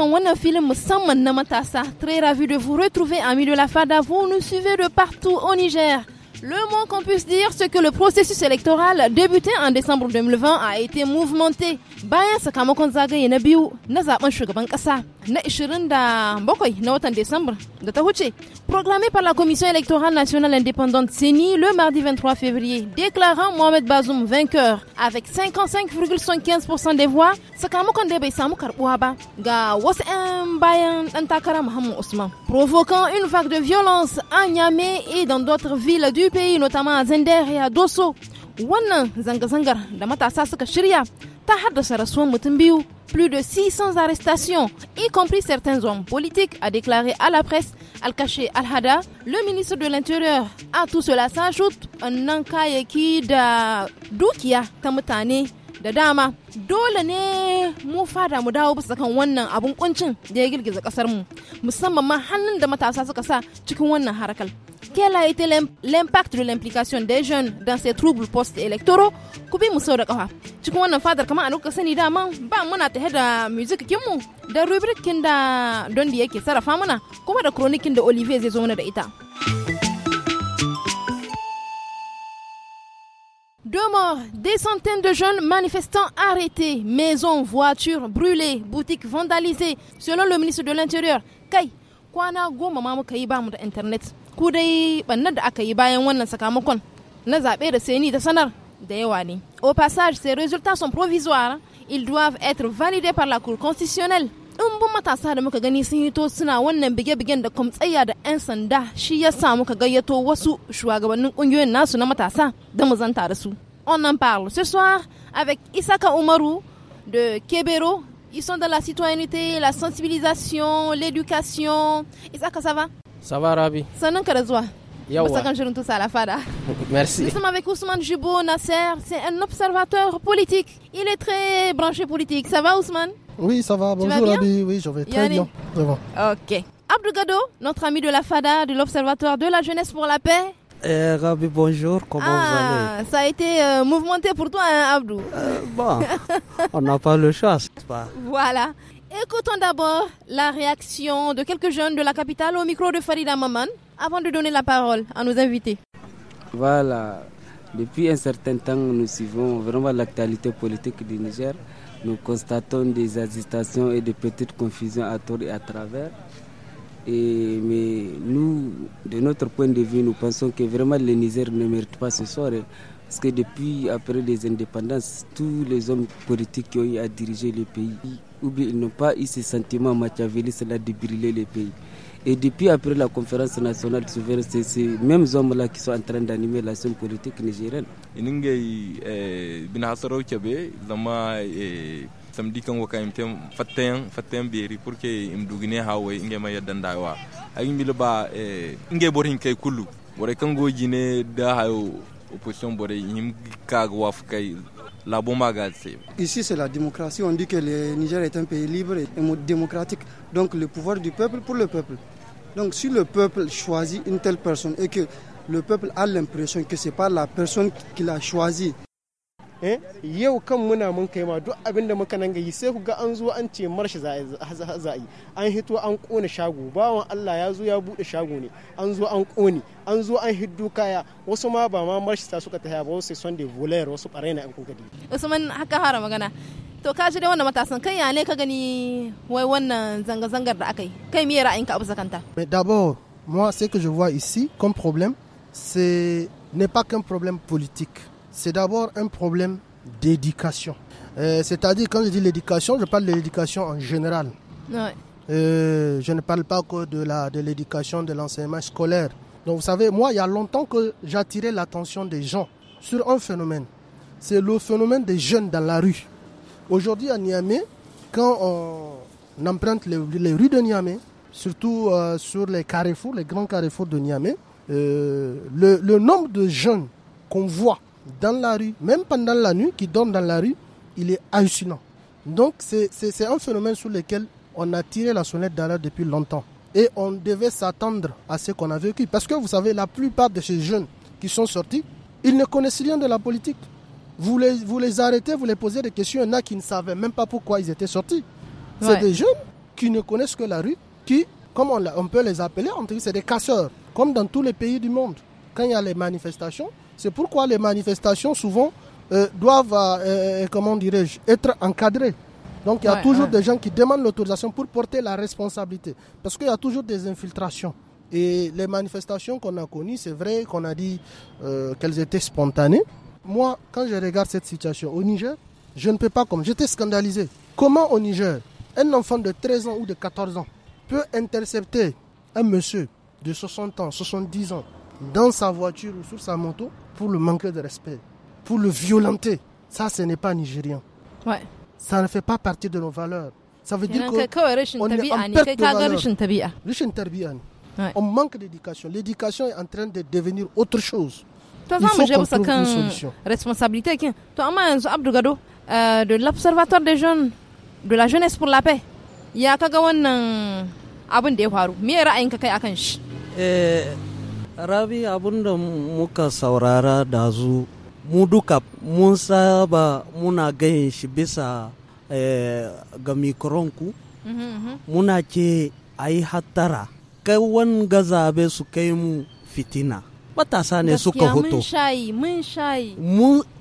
On wannan Très ravi de vous retrouver, amis de la FADA. Vous nous suivez de partout au Niger. Le moins qu'on puisse dire, c'est que le processus électoral débuté en décembre 2020 a été mouvementé. Bayan sakamakon zagaye na na proclamé par la Commission électorale nationale indépendante CENI le mardi 23 février, déclarant Mohamed Bazoum vainqueur avec 55,75% des voix, provoquant une vague de violence à Niamey et dans d'autres villes du pays, notamment à Zender et à Dosso ta de rasuwan mutum Plus de 600 arrestations, y compris certains hommes politiques, a déclaré à la presse Al-Kaché Al-Hada, le ministre de l'Intérieur. À tout cela s'ajoute un enkayeki da dukiya ta mutane da dama. Dole ne mu fada mu dawo bisa kan wannan abun kuncin da ya girgiza kasar mu, musamman ma hannun da matasa suka sa cikin wannan harakal quel a été l'impact de l'implication des jeunes dans ces troubles post-électoraux kubi mu sau da kafa cikin wannan fadar kamar a lokacin sani dama ba muna tahe da music kinmu da rubrikin da dondi yake sarrafa mana kuma da kronikin da olivier zai zo mana da ita Deux morts, des centaines de jeunes manifestants arrêtés, maisons, voitures brûlées, boutiques vandalisées, selon le ministre de l'Intérieur. Kai, Quoi? goma ma muka yi ba mu da internet ku dai bannar da aka yi bayan wannan sakamakon na zaɓe da seni da sanar da yawa ne. Au passage, ces résultats sont provisoires. Ils doivent être validés par la Cour constitutionnelle. in bin matasa da muka gani sun hito suna wannan bige-bigen da kwamtsayya da 'yan sanda shi ya sa muka gayyato wasu shugabannin kungiyoyin nasu na matasa da mu zanta da su. On en parle ce soir avec Isaka Umaru de Kebero. Ils sont dans la citoyenneté, la sensibilisation, l'éducation. Isaka, ça va? Ça va, Rabi Ça zuwa. Yawa. tous à la fada. Merci. Nous sommes avec Ousmane Jubo Nasser. C'est un observateur politique. Il est très branché politique. Ça va, Ousmane Oui, ça va. Bonjour, Rabi. Oui, je vais très bien. bien. bon. Ok. Abdou Gado, notre ami de la FADA, de l'Observatoire de la Jeunesse pour la Paix, eh, Rabi, bonjour, comment ah, vous allez Ça a été euh, mouvementé pour toi, hein, Abdou euh, Bon, on n'a pas le choix, pas Voilà. Écoutons d'abord la réaction de quelques jeunes de la capitale au micro de Farida Maman avant de donner la parole à nos invités. Voilà, depuis un certain temps, nous suivons vraiment l'actualité politique du Niger. Nous constatons des agitations et des petites confusions à tour et à travers. Et, mais nous, de notre point de vue, nous pensons que vraiment le Niger ne mérite pas ce sort. Parce que depuis après les indépendances, tous les hommes politiques qui ont eu à diriger le pays, ou bien ils n'ont pas eu ce sentiment machiavéliste-là de brûler le pays. Et depuis après la conférence nationale souveraine, c'est ces mêmes hommes-là qui sont en train d'animer la scène politique nigérienne. Eh, eh, samedi kan waka imte fatten fatten beri pour que im dugine hawe inge ma yaddan dawa ay mi ba eh, inge borin kay kullu wore kan go jine da hayo Ici, c'est la démocratie. On dit que le Niger est un pays libre et démocratique. Donc, le pouvoir du peuple pour le peuple. Donc, si le peuple choisit une telle personne et que le peuple a l'impression que ce n'est pas la personne qu'il a choisie Eh? yau kan muna mun kai ma duk abin da muka nan gayi sai ku ga an zo an ce marshi za yi an hito an kone shago bawan Allah ya zo ya bude shago ne an zo an kone an zo an hiddu kaya wasu ma ba ma marshi ta suka taya ba wasu sunday da volayar wasu barai na an kuka di Usman haka fara magana to ka ji dai wannan matasan kai ya ne ka gani wai wannan zanga zangar da aka yi kai me ra'ayinka abu zakanta d'abord moi ce que je vois ici comme problème c'est n'est pas qu'un problème politique c'est d'abord un problème d'éducation. Euh, c'est-à-dire, quand je dis l'éducation, je parle de l'éducation en général. Euh, je ne parle pas que de l'éducation, de l'enseignement scolaire. Donc, vous savez, moi, il y a longtemps que j'attirais l'attention des gens sur un phénomène. C'est le phénomène des jeunes dans la rue. Aujourd'hui, à Niamey, quand on emprunte les, rues de Niamey, surtout euh, sur les carrefours, les grands carrefours de Niamey, le, le nombre de jeunes qu'on voit dans la rue, même pendant la nuit, qui dorment dans la rue, il est hallucinant. Donc c'est un phénomène sur lequel on a tiré la sonnette d'alarme depuis longtemps. Et on devait s'attendre à ce qu'on a vécu. Parce que vous savez, la plupart de ces jeunes qui sont sortis, ils ne connaissent rien de la politique. Vous les, vous les arrêtez, vous les posez des questions. Il y en a qui ne savaient même pas pourquoi ils étaient sortis. C'est des jeunes qui ne connaissent que la rue, qui, comme on, peut les appeler, c'est des casseurs, comme dans tous les pays du monde. Quand il y a les manifestations, c'est pourquoi les manifestations, souvent, euh, doivent, euh, euh, comment dirais-je, être encadrées. Donc il y a toujours des gens qui demandent l'autorisation pour porter la responsabilité. Parce qu'il y a toujours des infiltrations. Et les manifestations qu'on a connues, c'est vrai qu'on a dit qu'elles étaient spontanées. Moi, quand je regarde cette situation au Niger, je ne peux pas comme. J'étais scandalisé. Comment au Niger, un enfant de 13 ans ou de 14 ans peut intercepter un monsieur de 60 ans, 70 ans dans sa voiture ou sur sa moto pour le manque de respect, pour le violenter. Ça, ce n'est pas nigérien. Ouais. Ça ne fait pas partie de nos valeurs. Ça veut dire qu'on est ouais. On manque d'éducation. L'éducation est en train de devenir autre chose. Il faut qu'on trouve une solution. Responsabilité. Euh, de l'Observatoire des jeunes, de la jeunesse pour la paix. Il y a abin da ya faru me ra'ayinka kai akan shi rabi abinda muka saurara da zu mu duka mun saba muna ganin shi bisa eh, ga mikronku mhm, mhm. muna ce a yi hattara kai gaza zabe su kai mu fitina matasa ne suka huto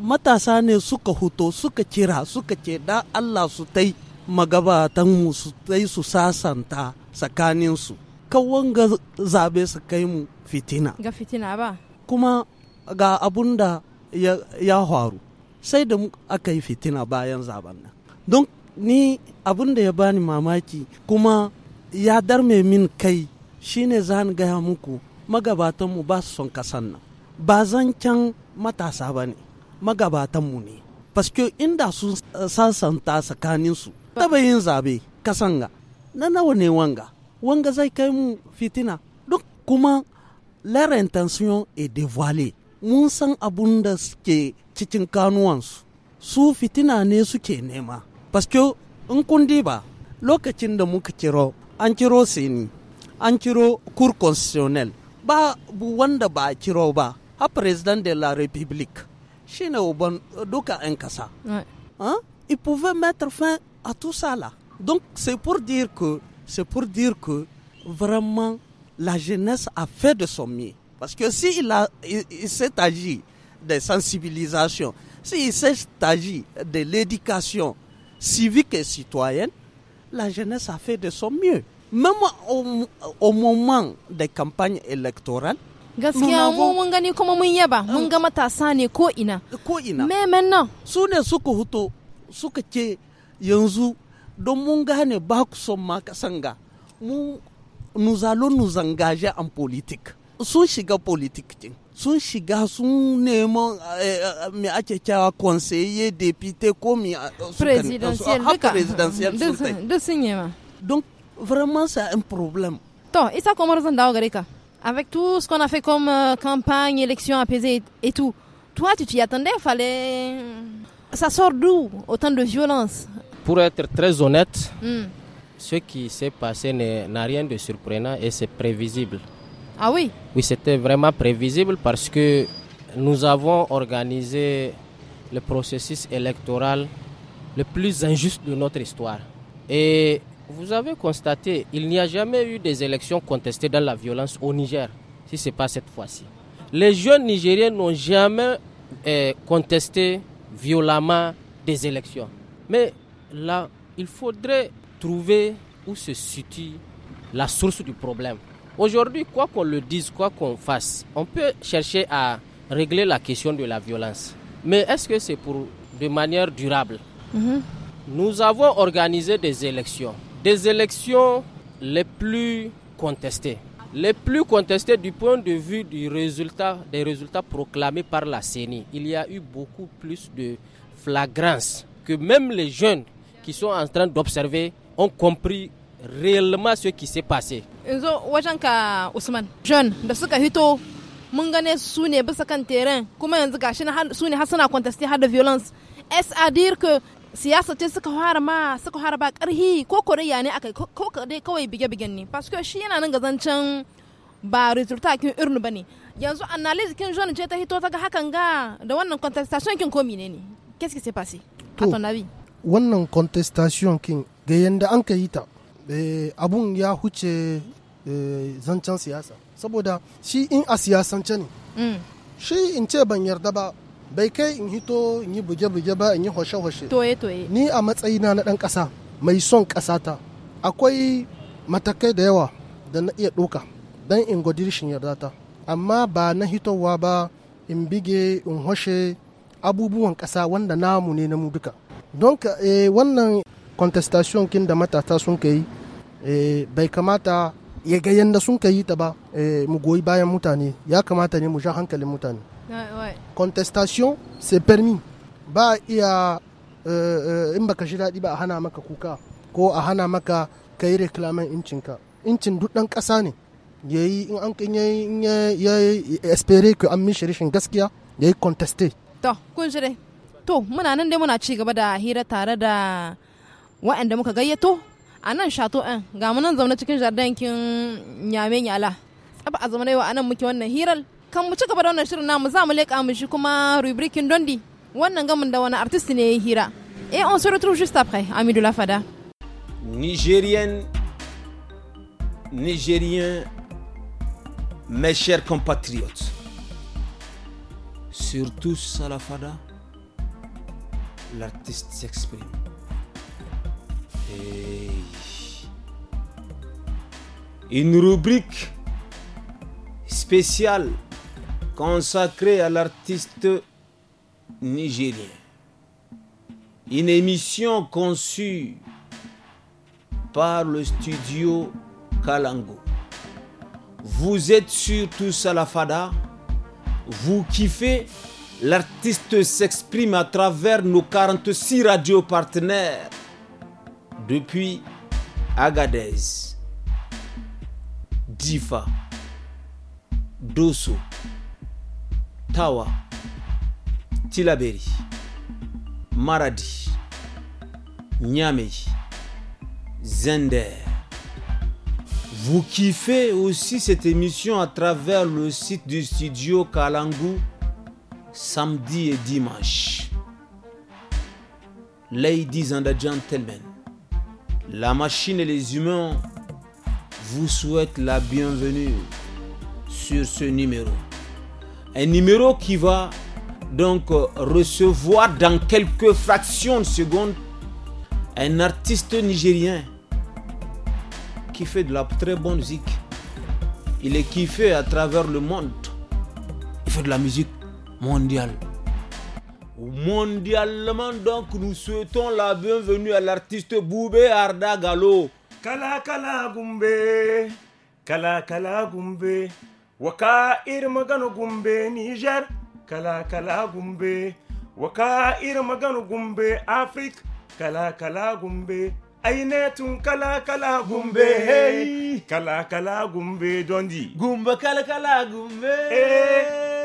matasa ne suka huto suka kira suka ce da allah su tai magabatan mu su tai su sasanta tsakaninsu kawon ga zabe su kai mu fitina ga fitina ba kuma ga abun da ya, ya faru sai da aka yi fitina bayan zaben nan don ni abun da ya bani mamaki kuma ya darme min kai shine zan gaya muku magabatanmu ba su son kasan nan ba zan can matasa ba ne magabatanmu ne paske inda sun eh, sasanta tsakaninsu taba yin zabe kasan ga na nawa ne wanga wanga zai kai mu fitina donc comment leur intention est dévoilée mun san abun da suke cikin kanuwansu su fitina ne suke nema que in kun diba lokacin da muka kiro an kiro seni an kiro cour constitutionnel ba bu wanda ba kiro ba a president de la république shine uban duka 'yan kasa hein? il pouvait mettre fin à tout ça là donc c'est pour dire que c'est pour dire que vraiment, la jeunesse a fait de son mieux. Parce que s'il il, de s'est agi des sensibilisations, s'il s'est agi de l'éducation civique et citoyenne, la jeunesse a fait de son mieux. Même au, moment des campagnes électorales, Mais maintenant, mun gani kuma mun yaba donc, nous allons nous engager en politique. Sun shiga politique, din. Sun shiga conseiller, député comme présidentiel. Donc vraiment c'est un problème. ça Avec tout ce qu'on a fait comme euh, campagne, élection apaisée et, tout, toi tu t'y attendais, fallait ça sort d'où autant de violence pour être très honnête, hmm. ce qui s'est passé n'a rien de surprenant et c'est prévisible. Ah oui Oui, c'était vraiment prévisible parce que nous avons organisé le processus électoral le plus injuste de notre histoire. Et vous avez constaté, il n'y a jamais eu des élections contestées dans la violence au Niger, si ce n'est pas cette fois-ci. Les jeunes Nigériens n'ont jamais eh, contesté violemment des élections. Mais là, il faudrait trouver où se situe la source du problème. Aujourd'hui, quoi qu'on le dise, quoi qu'on fasse, on peut chercher à régler la question de la violence. Mais est-ce que c'est pour de manière durable mhm. Nous avons organisé des élections, des élections les plus contestées, les plus contestées du point de vue du résultat, des résultats proclamés par la CENI. Il y a eu beaucoup plus de flagrance que même les jeunes qui sont en train d'observer ont compris réellement ce qui s'est passé. Yanzu wajenka jeune da suka hito mun gane su ne bisa kan terrain kuma yanzu gashi su ne suna contesté har da violence. Est à dire que siyasa ce suka fara ma suka fara ba karhi ko koreya ne aka ko dai kawai bige-bigen ne. Parce que shi yana nan gazancen ba irnu bane. Yanzu analyse kin jeune ta Qu'est-ce qui s'est passé? À ton avis? wannan contestation king. ga yadda an ka yi ta eh, abun ya huce eh, zancen siyasa saboda shi in a siyasance ne mm. shi in ce ban yarda ba bai kai in hito in yi buge-buge ba in yi hoshe-hoshe ni a matsayina na ɗan ƙasa mai son ƙasata akwai matakai da yawa da na iya ɗoka don in godi rashin yarda ta amma ba na hitowa ba in bige in hoshe abubuwan ƙasa wanda namu ne na mu duka don eh, wannan contestation kin da matata sun ka yi eh, bai kamata ya ga yadda sun ka yi ta ba eh, mu goyi bayan mutane ya kamata ne mu sha hankalin mutane contestation c'est permis ba iya in baka shi daɗi ba a hana maka kuka ko a hana maka ka yi reklamen incinka incin duk ɗan ƙasa ne ya yi in an kan ya yi espere ku an mishi rashin gaskiya ya yi conteste to kun to muna nan dai muna ci gaba da hira tare da wa'anda muka gayyato a nan shato ɗin ga mu nan zaune cikin jardin kin nyame nyala tsaba a zaune wa anan muke wannan hirar kan mu ci gaba da wannan shirin namu za mu leƙa mu shi kuma rubrikin dondi wannan gamin da wani artist ne ya hira et eh, on se retrouve juste après Amidou Lafada Nigérienne nigérien mes chers compatriotes, surtout Salafada, l'artiste s'exprime. Et une rubrique spéciale consacrée à l'artiste nigérien. Une émission conçue par le studio Kalango. Vous êtes sur tout Salafada, vous kiffez L'artiste s'exprime à travers nos 46 radios partenaires depuis Agadez, Difa, Dosso, Tawa, Tilaberi, Maradi, Niamey, Zender. Vous kiffez aussi cette émission à travers le site du studio Kalangu samedi et dimanche. Ladies and gentlemen, la machine et les humains vous souhaitent la bienvenue sur ce numéro. Un numéro qui va donc euh, recevoir dans quelques fractions de secondes un artiste nigérien qui fait de la très bonne musique. Il est kiffé à travers le monde. Il fait de la musique Mondial. Mondialement, donc, nous souhaitons la bienvenue à l'artiste Boubé Arda Gallo. Kala kala gumbe, kala kala gumbe, waka irmagano gumbe Niger, kala kala gumbe, waka irmagano gumbe Afrique, kala kala gumbe. ainetun kala kala gumbe kala kala gumbe dondi gumba kala kala gumbe eh.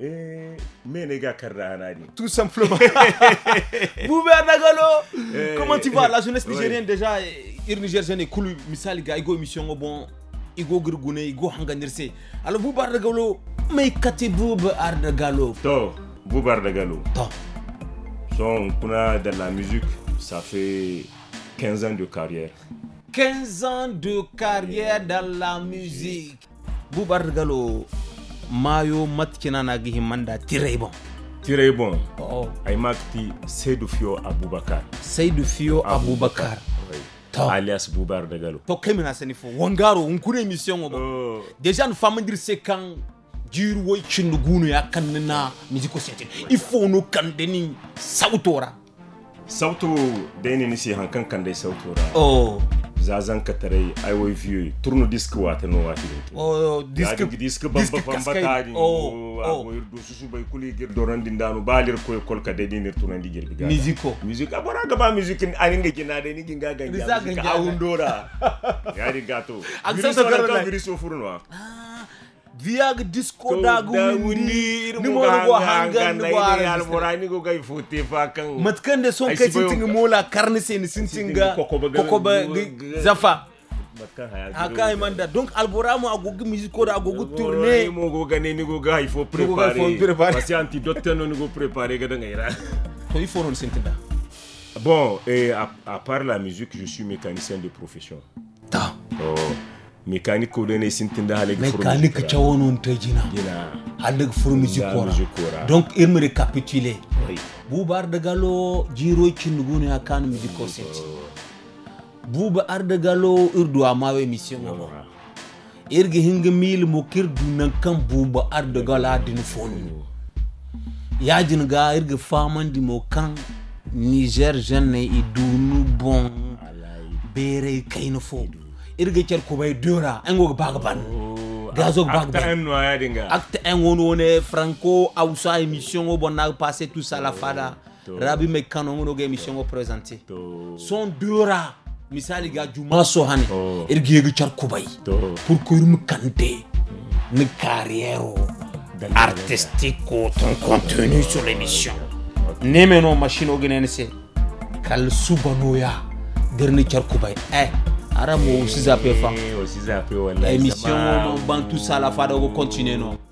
Et... mais gars, Tout simplement. Bouba Dagalo, eh, comment tu vois, La jeunesse nigérienne, déjà, ir Niger jeune est cool. Misal, gars, ego émission, oh bon, ego grugune, ego hanganirse. Alors, Bouba Dagalo, mais kate Bouba Dagalo. To, Bouba Dagalo. To. Son, qu'on de dans la musique, ça fait 15 ans de carrière. 15 ans de carrière eh, dans la eh. musique. Bouba Dagalo. mayo matkina na gihin manda tirai bon tirai bon oh. ay makti saidu fiyo abubakar saidu fiyo abubakar, alias bubar da galo to kai mina sani fo wangaro kure mission obo oh. deja no famandir se kan jiru chindu gunu ya kannana musico setin ifo no deni sautora sauto dai ni nisi hankan kan dai sautora oh zazan katarai ai wai view turno disk wata no wata oh disk disk bamba bamba tari oh oh ago irdu susu bay kuli gir doran dindanu balir ko kol ka dedi nir tunan di gelbi gaga musico music abora gaba music ani nga gina de ni ginga ganja music awundora yari gato aksan to garan virus ofurno ah viyaga disco dagu wundir ni mo go hangan go alborani go gay fote fakan matkan de son kay tinga mola carne sen sintinga kokoba zafa haka imanda donc albora mo agogo musique ko tourné tourner mo go gane ni go gay fo préparer parce que antidote no ni go préparer ga dangaira to ifo non sintinda bon et à, à part la musique je suis mécanicien de profession ta oh mécanique ko dene sintinda haleg mécanique chawono nta jina jina haleg furmiji kora donc il me récapituler oui bubar da galo jiro ya akan mi di kosetti buba de galo irdu amawe mission ngo irgi hinga mil mo du nan kan buba de gala din fonu yajin ga irgi famandi mo kan niger jeune idunu bon bere kaino fodu irga cer kubay dora engo bagban oh, gazo bagban acte en noya dinga acte en won wone franco ausa émission o bonna passé tout ça la fada rabi me kanon no ga émission o présenter son dora misali ga juma so hane irga yegi cer kubay pour ko rum kanté ne carrière artistique ton contenu sur l'émission nemeno machine o genene kal subanoya derni cer kubay eh arabu o sizape fa émission ban tout ça la fa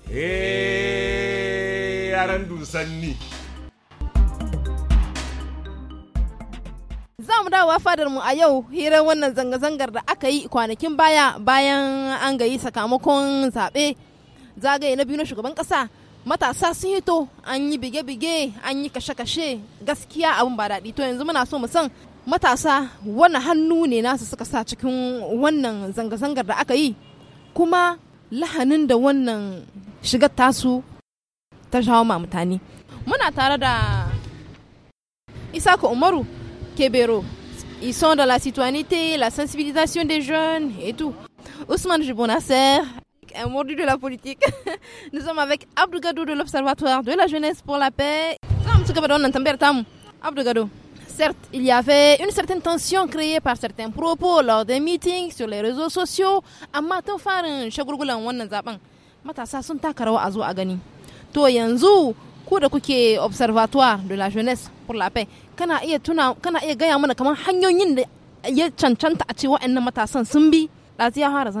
eh, za mu dawowa fadar mu a yau hirar wannan zanga-zangar da aka yi kwanakin baya bayan an gayi sakamakon zaɓe zagaye na biyu na shugaban ƙasa matasa sun hito an yi bige-bige an yi kashe-kashe gaskiya abin ba daɗi to yanzu muna so mu san matasa wani hannu ne nasu suka sa cikin wannan zanga-zangar da aka yi kuma lahanin da wannan shigar tasu ta shawo ma mutane muna tare da isaka umaru kebero ils sont dans la citoyenneté, la sensibilisation des jeunes et tout. Ousmane Jibonasser, un mordu de la politique. Nous sommes avec Abdou Gadou de l'Observatoire de la jeunesse pour la paix. Abdou Gadou certes, il y avait une certaine tension créée par certains propos lors des meetings sur les réseaux sociaux. Amma tun farin shagulgulan wannan zaben matasa sun taka rawa a zo a gani. To yanzu ku da kuke observatoire de la jeunesse pour la paix kana iya tuna kana iya gaya mana kamar hanyoyin da ya cancanta a ce wa'annan matasan sun bi ɗazu ya fara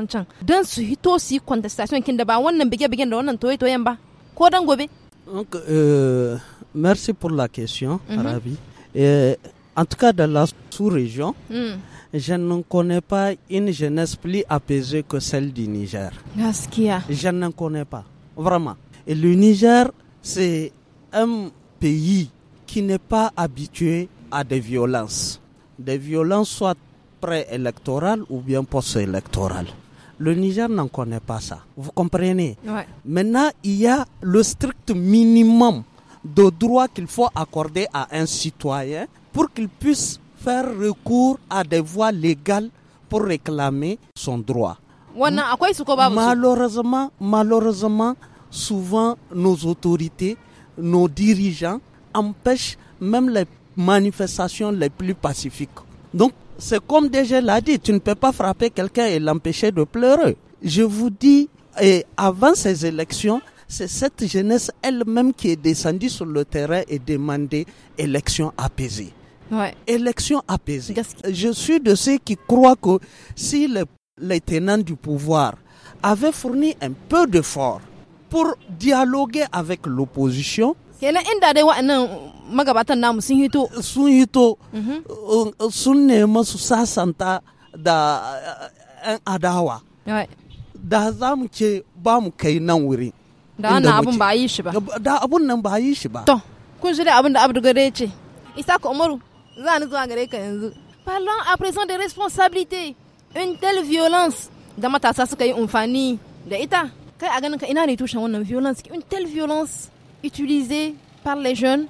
don su hito su yi contestation kin da ba wannan bige-bigen da wannan toye-toyen ba ko dan gobe. Donc, euh, merci pour la question, mm Arabi. Euh, en tout cas, dans la sous-région, hmm. je ne connais pas une jeunesse plus apaisée que celle du Niger. Je n'en connais pas, vraiment. Et le Niger, c'est un pays qui n'est pas habitué à des violences. Des violences soit préélectorales ou bien post-électorales. Le Niger n'en connaît pas ça. Vous comprenez Maintenant, il y a le strict minimum de droits qu'il faut accorder à un citoyen pour qu'il puisse faire recours à des voies légales pour réclamer son droit. Malheureusement, malheureusement, souvent nos autorités, nos dirigeants empêchent même les manifestations les plus pacifiques. Donc, c'est comme déjà l'a dit, tu ne peux pas frapper quelqu'un et l'empêcher de pleurer. Je vous dis, et avant ces élections, c'est cette jeunesse elle-même qui est descendue sur le terrain et demandé élection apaisée. Ouais. Élection apaisée. Je suis de ceux qui croient que si les tenants du pouvoir avaient fourni un peu d'effort pour dialoguer avec l'opposition, da wannan abun ba a yi shi ba da abun nan ba a yi shi ba to kun shi da abun da abdu gare ce isa umaru za ni zuwa gare ka yanzu parlons à présent des responsabilités une telle violence da matasa suka yi umfani da ita kai a ganin ka ina ne tushen wannan violence une telle violence utilisée par les jeunes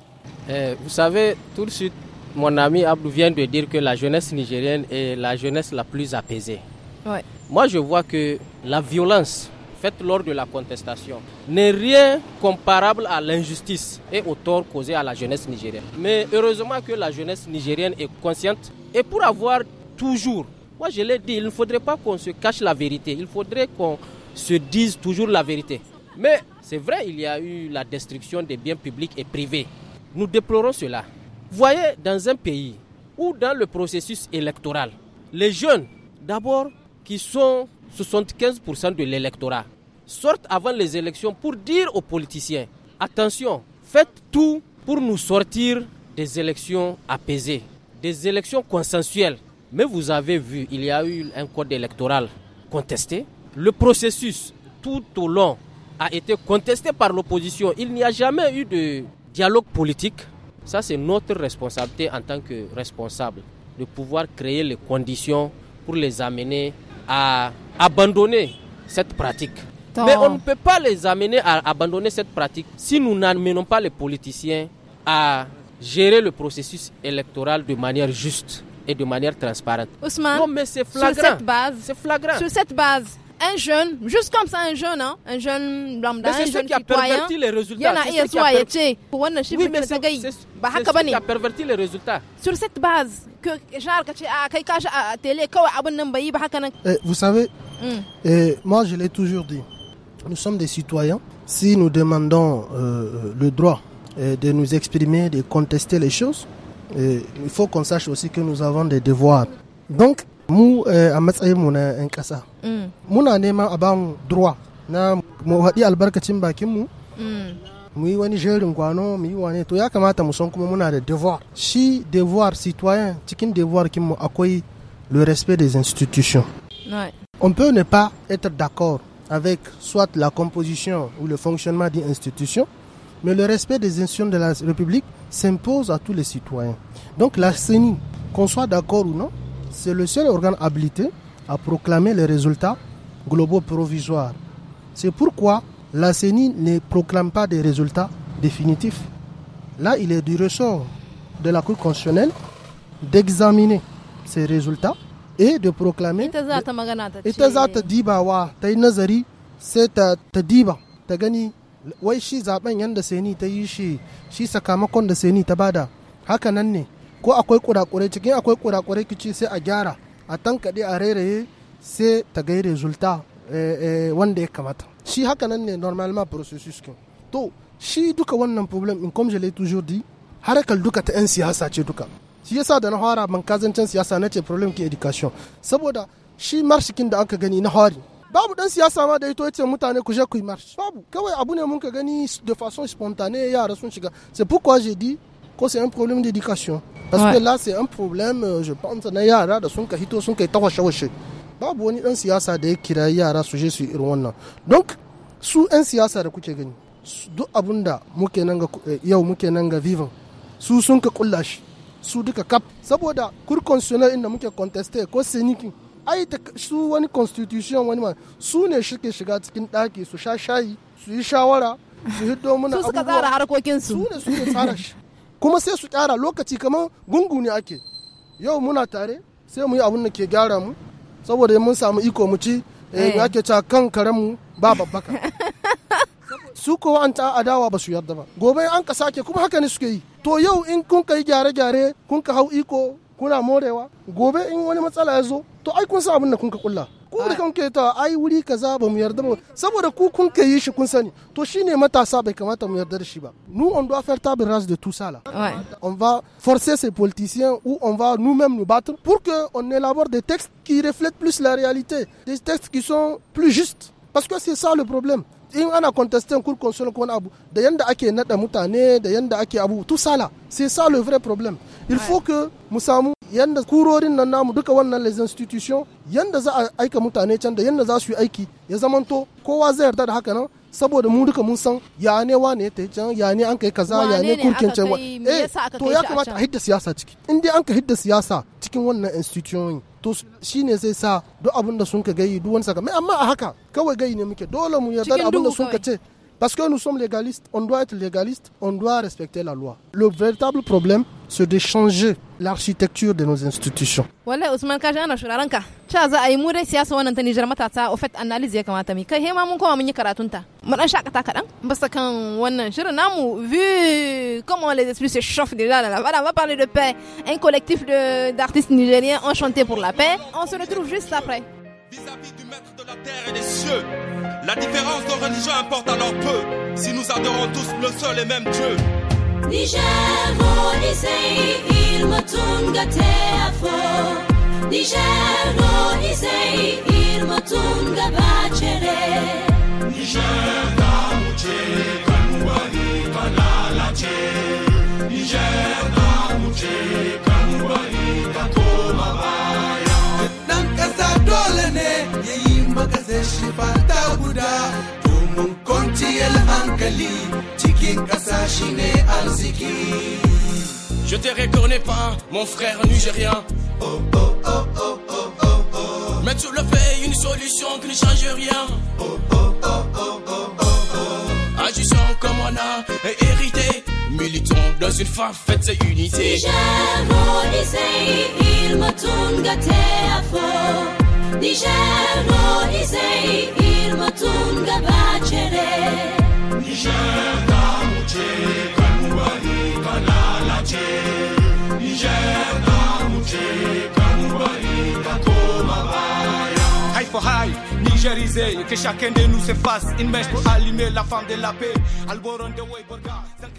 eh, vous savez tout de suite mon ami Abdou vient de dire que la jeunesse nigérienne est la jeunesse la plus apaisée ouais. moi je vois que la violence faites lors de la contestation n'est rien comparable à l'injustice et au tort causé à la jeunesse nigérienne. Mais heureusement que la jeunesse nigérienne est consciente et pour avoir toujours, moi je l'ai dit, il ne faudrait pas qu'on se cache la vérité, il faudrait qu'on se dise toujours la vérité. Mais c'est vrai, il y a eu la destruction des biens publics et privés. Nous déplorons cela. Voyez, dans un pays ou dans le processus électoral, les jeunes, d'abord, qui sont 75% de l'électorat sortent avant les élections pour dire aux politiciens, attention, faites tout pour nous sortir des élections apaisées, des élections consensuelles. Mais vous avez vu, il y a eu un code électoral contesté. Le processus tout au long a été contesté par l'opposition. Il n'y a jamais eu de dialogue politique. Ça, c'est notre responsabilité en tant que responsable de pouvoir créer les conditions pour les amener à abandonner cette pratique. Mais on ne peut pas les amener à abandonner cette pratique si nous n'amenons pas les politiciens à gérer le processus électoral de manière juste et de manière transparente. Ousmane, Sur cette base, Sur cette base, un jeune, juste comme ça, un jeune, hein, un jeune lambda, un jeune qui a perverti les résultats. c'est ce bah, qui a perverti les résultats. Sur cette base, que Vous savez, hmm. et eh, moi je l'ai toujours dit, nous sommes des citoyens. Si nous demandons euh, euh, le droit eh, de nous exprimer, de contester les choses, eh, il faut qu'on sache aussi que nous avons des devoirs. Donc, mu eh, a matsayin mu na 'yan ƙasa mm. muna neman a bamu durwa na mu haɗi albarkacin bakin mu mm. yi wani jerin gwano mu yi wane to ya kamata mu san kuma muna da devoir shi devoir citoyen cikin devoir kinmu akwai le respect des institutions on peut ne pas être d'accord avec soit la composition ou le fonctionnement d'une institution mais le respect des institutions de la République s'impose à tous les citoyens donc la CENI qu'on soit d'accord ou non c'est le seul organe habilité à proclamer les résultats globaux provisoires. C'est pourquoi la CENI ne proclame pas des résultats définitifs. Là, il est du ressort de la Cour constitutionnelle d'examiner ces résultats et de proclamer ko akwai kurakurai cikin akwai kurakurai kici sai a gyara a tankaɗe a rairaye sai ta gai resulta eh, eh, wanda ya kamata shi haka nan ne normalement processus kin to shi duka wannan problem in comme je l'ai toujours dit harakal duka ta 'yan siyasa ce duka shi yasa da na fara ban kazancin siyasa na ce problem ke education saboda shi marshikin da aka gani na hari babu dan siyasa ma da ito yace mutane ku je ku yi march babu kawai abu ne mun ka gani de façon spontanée yara sun shiga c'est pourquoi j'ai dit ko c'est un problème d'éducation parce ouais. que là c'est un problème euh, je pense na yara da sun ka hito sun kai ta washe-washe babu wani dan siyasa da ya kira yara su je su irin wannan donc su 'yan siyasa da kuke gani duk abun da muke nan ga eh, yau muke nan ga vivan su sun ka kulla shi su duka kap saboda kur constitutional inda muke conteste ko seniki ai su wani constitution wani ma su ne shirke shiga cikin daki su sha shayi su yi shawara su hiddo muna abubuwa su suka tsara harkokin su su ne suke tsara shi kuma sai su kyara lokaci kamar gungu ne ake yau muna tare sai mu yi abun da ke gyara mu saboda mun samu iko mu ci eh, eh. ake cewa kan karamu ba babbaka su ko an ta adawa ba su yarda ba gobe an ka sake kuma haka ne suke yi to yau in kun ka yi gyare-gyare kun ka hau iko kuna morewa gobe in wani matsala ya zo to ai kun sa abin da kun ka kulla ko ah. da ai wuri kaza ba mu yarda ba saboda ku kun shi kun sani to shine matasa bai kamata mu yarda da shi ba nous on doit faire table rase de tout ça là on va forcer ces politiciens ou on va nous-mêmes nous battre pour que on élabore des textes qui reflètent plus la réalité des textes qui sont plus justes parce que c'est ça le problème in ana contestin kur consul ko abu da yanda ake nada mutane da yanda ake abu tout ça là c'est ça le vrai problème il faut que mu samu yanda kurorin nan namu duka wannan les institution yanda za a aika mutane can da yanda za su yi aiki ya zamanto kowa zai yarda da haka nan saboda mu duka mun san ya ne wa ne ta can ya ne an kai kaza ya ne kurkin can eh to ya kamata a hidda siyasa ciki in dai an ka hidda siyasa cikin wannan institution to shine zai sa duk abin da sun ka gayi duk wani sakamai amma a haka kawai gayi ne muke dole mu yarda abin da sun ka ce Parce que nous sommes légalistes, on doit être légaliste, on doit respecter la loi. Le véritable problème, ce de changer l'architecture de nos institutions. Wallahi Ousmane ka ana shuraran ka. Cha za ay yi mu dai siyasa wannan ta Nijar matasa ofet analysis ya kamata mu kai hema mun koma mun yi karatun ta. Mu dan shakata kadan basta kan wannan shirin namu vu comment les esprits se chauffent déjà là. Voilà, on va parler de paix. Un collectif de d'artistes nigériens enchantés pour la paix. On se retrouve juste après. Vis-à-vis -vis du maître de la terre et des cieux, la différence de religion importe alors peu si nous adorons tous le seul et même Dieu. se دیشب irmatun gate afo Nijero izei irmatun gabacere Nijer damuce kanuari kalalace Nijer damuce kanuari katoma baya Dan kasa dole ne yayi maka sai shi fata guda to mun kwanciyar hankali Je te reconnais pas, mon frère nigérien. Oh oh oh oh oh oh oh. Mettre sur le fais une solution qui ne change rien. Oh oh oh oh oh oh oh. Agissons comme on a hérité. Militons dans une fin faite et unité. J'ai il me tourne gâté à fond. Niger no isei il mutun gâté à fond. Jesus. que chacun de nous se fasse une pour allumer la de la paix.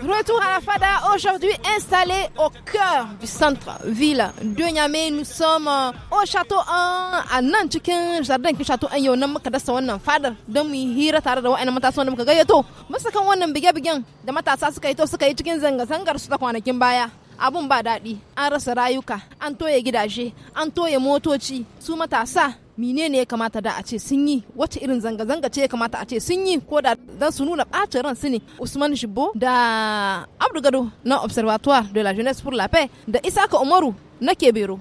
Retour à la FADA, aujourd'hui installé au cœur du centre-ville de Niamey. Nous sommes euh, au château 1, à jardin du château 1 abun ba daɗi an rasa rayuka an toye gidaje an toye motoci su matasa kamata da a ce sun yi irin zanga-zanga ce kamata a ce sun da su nuna da observatoire de la jeunesse pour la paix de Isako umaru na kebero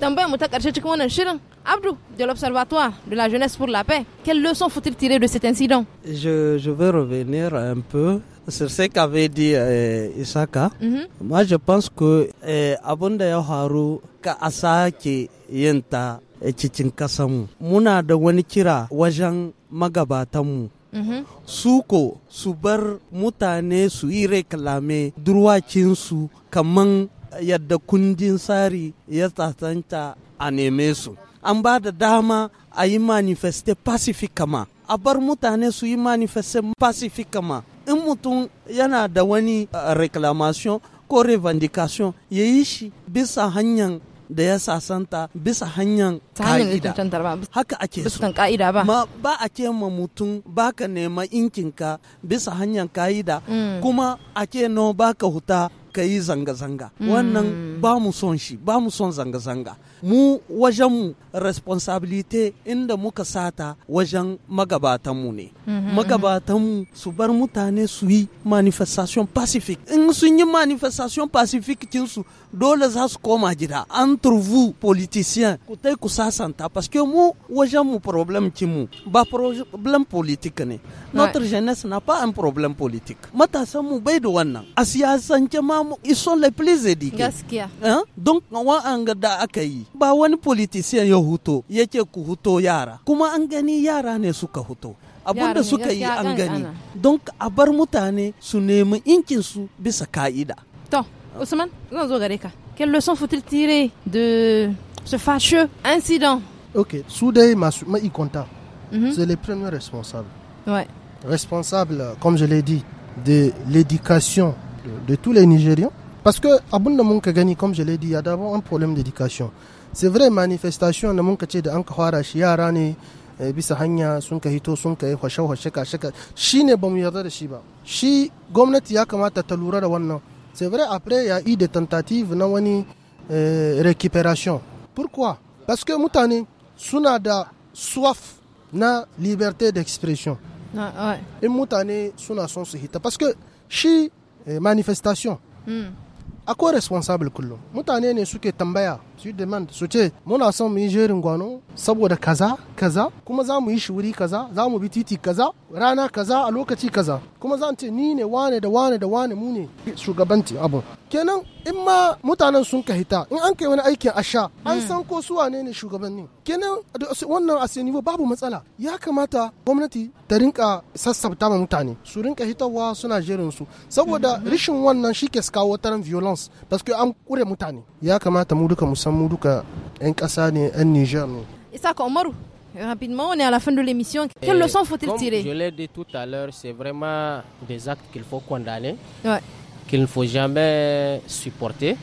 tambayar mu ta ƙarshe cikin wannan Abdou, de l'Observatoire de la jeunesse pour la paix, quelle leçon faut-il tirer de cet incident je, je, veux revenir un peu sur ce qu'avait dit euh, Isaka, mm -hmm. moi je pense que euh, ya faru ka a sake eh, cikin Muna da wani kira wajen magabatanmu. Mm -hmm. Suko su bar mutane su yi reklame durwacinsu kaman yadda kundin sari ya tsatsanta a neme su. An ba dama a yi manifeste pacific kama. A bar mutane su yi manifeste pacific kama. in mutum yana da wani reclamation ko revendication ya yi shi bisa hanyar da ya sasanta bisa hanyar ka'ida haka ake so ba ba a ce ma mutum baka nema inkinka bisa hanyar ka'ida mm. kuma a ce no baka huta ka yi zanga-zanga mm. wannan ba mu son shi ba mu son zanga-zanga mu wajenmu responsabilite inda muka sata wajen magabatanmu ne mhm. magabatanmu su bar mutane su yi manifestation pacific in sun yi manifestation pacific cinsu dole za su koma gida an turvu politician ku tai ku sasanta parce que mu wajenmu problem kinmu ba problem politique ne notre jeunesse n'a pas un problème politique matasanmu bai da wannan a siyasance ma ils sont les plus éduqués gaskiya donc ga da aka yi ba wani politician ya huto yake ku huto yara kuma an gani yara ne suka huto abinda suka yi an gani don a bar mutane su nemi inkinsu bisa ka'ida to usman zan zo gare ka quelle leçon faut-il tirer de ce fâcheux incident Okay, su dai masu mai mm c'est les premiers responsables ouais. responsable comme je l'ai dit de l'éducation de, tous les nigérians parce que abunda mun ka gani comme je l'ai dit il y a d'abord un problème d'éducation c'est vrai manifestation da muka ce da an ka fara shi yara ne bisa hanya sun ka hito sun ka yi hwashe-hwashe kashe shi ne ba mu yarda da shi ba shi gwamnati ya kamata ta lura da wannan c'est vrai après ya yi de tentative na wani eh, récupération pourquoi parce que mutane suna da soif na liberté d'expression ah, in mutane suna son su hita parce que shi eh, manifestation akwai hmm. responsable kullum mutane ne suke tambaya su demand su ce muna son mu yi jerin gwano saboda kaza kaza kuma za mu yi shi kaza za mu bi titi kaza rana kaza a lokaci kaza kuma zan ce ni ne wane da wane da wane mu ne shugabanci abu kenan in ma mutanen sun ka hita in an kai wani aikin a sha an san ko su wane ne shugabanni kenan wannan a senivo babu matsala ya kamata gwamnati ta rinka sassabta ma mutane su rinka hitawa suna jerin su saboda mm-hmm. rishin wannan shi ke kawo taron violence que an kure mutane ya kamata mu duka mu Et ça duka Niger rapidement, on est à la fin de l'émission. Quelle eh, leçon faut-il tirer Je l'ai dit tout à l'heure, c'est vraiment des actes qu'il faut condamner, qu'il ne faut jamais supporter.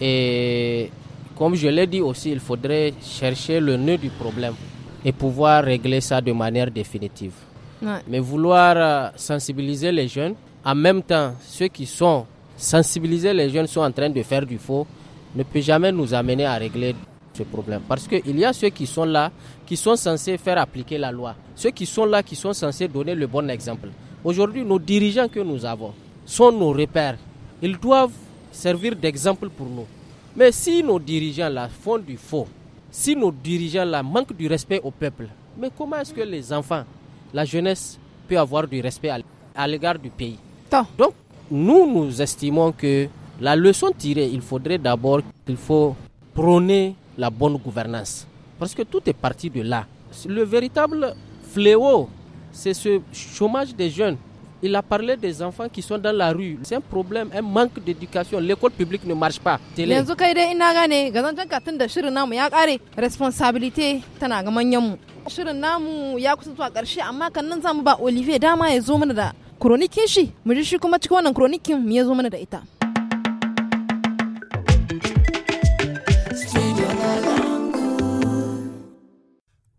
Et comme je l'ai dit aussi, il faudrait chercher le nœud du problème et pouvoir régler ça de manière définitive. Mais vouloir euh, sensibiliser les jeunes, en même temps, ceux qui sont sensibilisés, les jeunes sont en train de faire du faux ne peut jamais nous amener à régler ce problème. Parce qu'il y a ceux qui sont là, qui sont censés faire appliquer la loi. Ceux qui sont là, qui sont censés donner le bon exemple. Aujourd'hui, nos dirigeants que nous avons sont nos repères. Ils doivent servir d'exemple pour nous. Mais si nos dirigeants là font du faux, si nos dirigeants là manquent du respect au peuple, mais comment est-ce que les enfants, la jeunesse peut avoir du respect à l'égard du pays Donc, nous, nous estimons que la leçon tirée, il faudrait d'abord qu'il faut prôner la bonne gouvernance. Parce que tout est parti de là. Le véritable fléau, c'est ce chômage des jeunes. Il a parlé des enfants qui sont dans la rue. C'est un problème, un manque d'éducation. L'école publique ne marche pas. responsabilité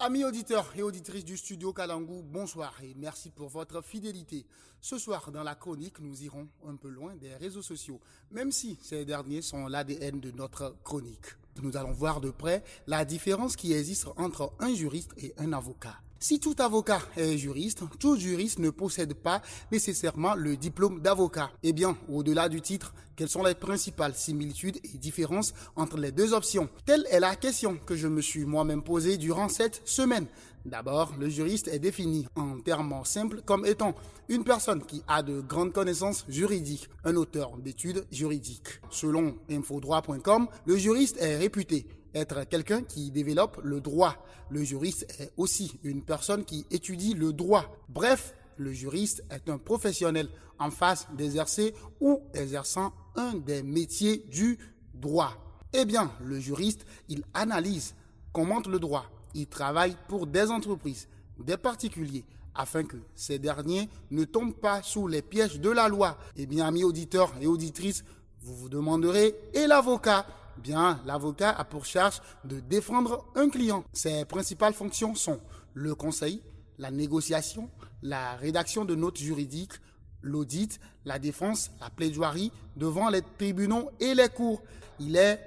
Amis auditeurs et auditrices du studio Kalangou, bonsoir et merci pour votre fidélité. Ce soir, dans la chronique, nous irons un peu loin des réseaux sociaux, même si ces derniers sont l'ADN de notre chronique. Nous allons voir de près la différence qui existe entre un juriste et un avocat. Si tout avocat est juriste, tout juriste ne possède pas nécessairement le diplôme d'avocat. Eh bien, au-delà du titre, quelles sont les principales similitudes et différences entre les deux options Telle est la question que je me suis moi-même posée durant cette semaine. D'abord, le juriste est défini en termes simples comme étant une personne qui a de grandes connaissances juridiques, un auteur d'études juridiques. Selon infodroit.com, le juriste est réputé être quelqu'un qui développe le droit. Le juriste est aussi une personne qui étudie le droit. Bref, le juriste est un professionnel en face d'exercer ou exerçant un des métiers du droit. Eh bien, le juriste, il analyse, commente le droit. Il travaille pour des entreprises, des particuliers, afin que ces derniers ne tombent pas sous les pièges de la loi. Eh bien, amis auditeurs et auditrices, vous vous demanderez, et l'avocat l'avocat a pour charge de défendre un client. Ses principales fonctions sont le conseil, la négociation, la rédaction de notes juridiques, l'audit, la défense, la plaidoirie devant les tribunaux et les cours. Il est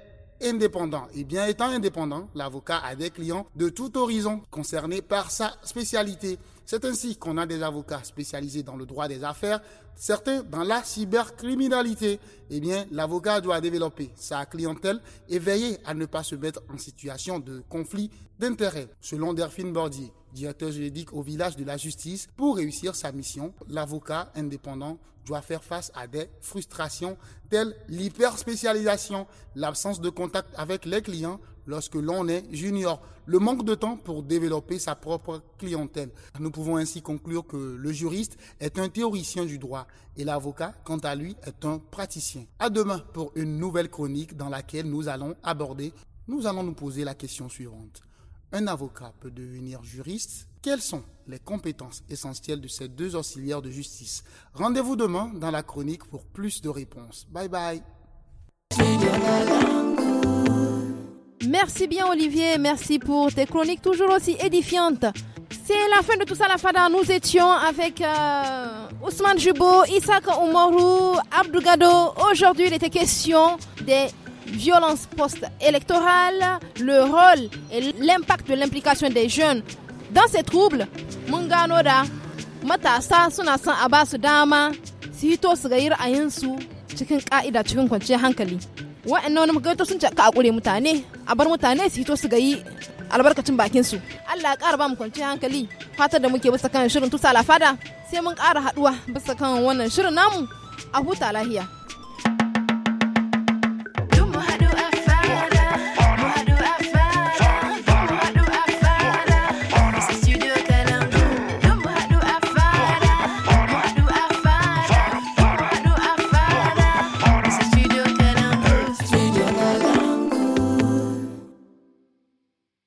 indépendant. Et bien étant indépendant, l'avocat a des clients de tout horizon concernés par sa spécialité. C'est ainsi qu'on a des avocats spécialisés dans le droit des affaires, certains dans la cybercriminalité. Eh bien, l'avocat doit développer sa clientèle et veiller à ne pas se mettre en situation de conflit d'intérêts. Selon Delphine Bordier, directeur juridique au village de la justice, pour réussir sa mission, l'avocat indépendant doit faire face à des frustrations telles l'hyperspécialisation, l'absence de contact avec les clients, lorsque l'on est junior. Le manque de temps pour développer sa propre clientèle. Nous pouvons ainsi conclure que le juriste est un théoricien du droit et l'avocat, quant à lui, est un praticien. À demain pour une nouvelle chronique dans laquelle nous allons aborder, nous allons nous poser la question suivante. Un avocat peut devenir juriste Quelles sont les compétences essentielles de ces deux auxiliaires de justice Rendez-vous demain dans la chronique pour plus de réponses. Bye bye. Merci bien Olivier, merci pour tes chroniques toujours aussi édifiantes. C'est la fin de tout ça la fada. Nous étions avec euh, Ousmane Jubo, Isaac Abdou Gado, Aujourd'hui, il était question des violences post-électorales, le rôle et l'impact de l'implication des jeunes dans ces troubles. Munganoda, dama wa'annan wani magana sun ka a kure mutane a bar mutane su hito su gayi albarkacin bakin su Allah ya kara ba mu kwanciyar hankali fatar da muke bisa kan shirin tusa lafada sai mun kara haɗuwa bisa kan wannan shirin namu a huta lahiya